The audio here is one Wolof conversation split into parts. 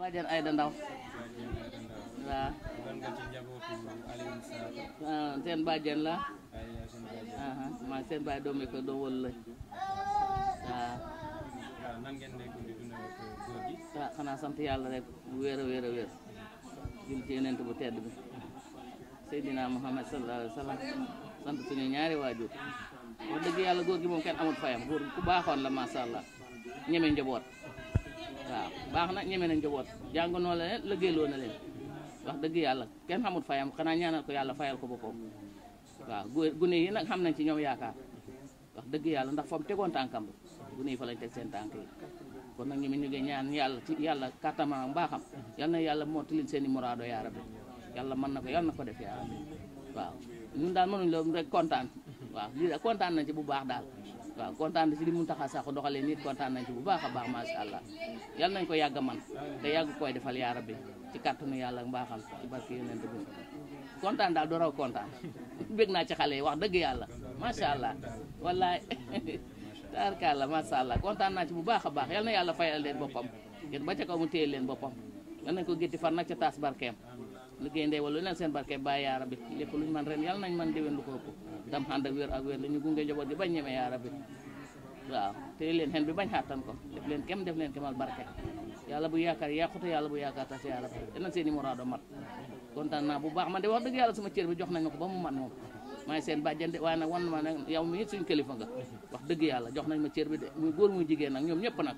Badiane Aïda Ndaw waaw ah, seen bàjjen la maa seen bàyyi doomi ko doo wël la waaw ah, xanaa sant yàlla rek wéer a wéer a wéer jul ci yonent bu tedd bi Seydina Muhammad sallallahu alayhi wa sallam ñaari waajur wax dëgg yàlla góor gi moom kenn amul fayam góor ku baaxoon la masha Allah ñeme njaboot waaw baax na ñeme na njaboot jàng noo la leen lëggéeyloo na leen wax dëgg yàlla kenn xamul fayam xanaa ñaanal ko yàlla fayal ko boppam waaw gune yi nag xam nañ ci ñoom yaakaar wax dëgg yàlla ndax fam tegoon tànkam gune yi fa lañ teg seen tànk yi kon nag ñu ngi ñu ngi ñaan yàlla ci yàlla kattama baaxam yal na yàlla mottalil seen i muraado yaa rabbi yàlla mën na ko yàlla na ko def yaa rabbi waaw ñun daal mënuñ la kontaan waaw lii waaw kontaan na si li Mountakha Sakho doxalee nit kontaan nañ ci bu baax a baax macha allah yal nañ ko yàgga man te yàgg koy defal yaa rabbi ci kàttanu yàlla ak mbaaxam ci barke yonent bi kontaan daal doo raw kontaan bég naa ci xale yi wax dëgg yàlla macha allah wallaay taarkalla macha allah kontaan naa ci bu baax a baax yàlla na yàlla fayal leen boppam gën ba ca kaw mu leen boppam yal nañ ko gétti far nag ca taas barkeem liggéey ndey wala lu leen seen barke bàyyi yaa rabbi lépp luñ man ren yàlla nañ man déwén lu ko ëpp tam ànd ak wér ak wér la ñu gunge njaboot gi bañ ñeme yaa waaw te leen xen bi bañ xattan ko def leen kem def leen kemal barke yalla bu yaakaar yàqute yàlla bu yaakaar tas yaa rabbi dana seen i moraado mat kontaan bu baax man de wax dëgg yàlla sama cër bi jox nañ ma ko ba mu mat moom maay seen bàjjan de waaye nag wan ma nag yow mi suñ kilifa nga wax dëgg yàlla jox nañ ma cër bi góor muy jigéen nag ñoom ñëpp nag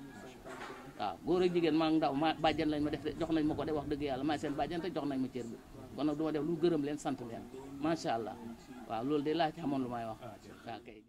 waaw góor a jigéen maa ndaw ma bàjjan lañ ma def jox nañ ma ko de wax dëgg yàlla maa seen bàjjan te jox nañ ma cër bi kon nag du def lu gërëm leen sant leen macha allah waaw loolu de laa xamoon lu may wax ah, waaw kay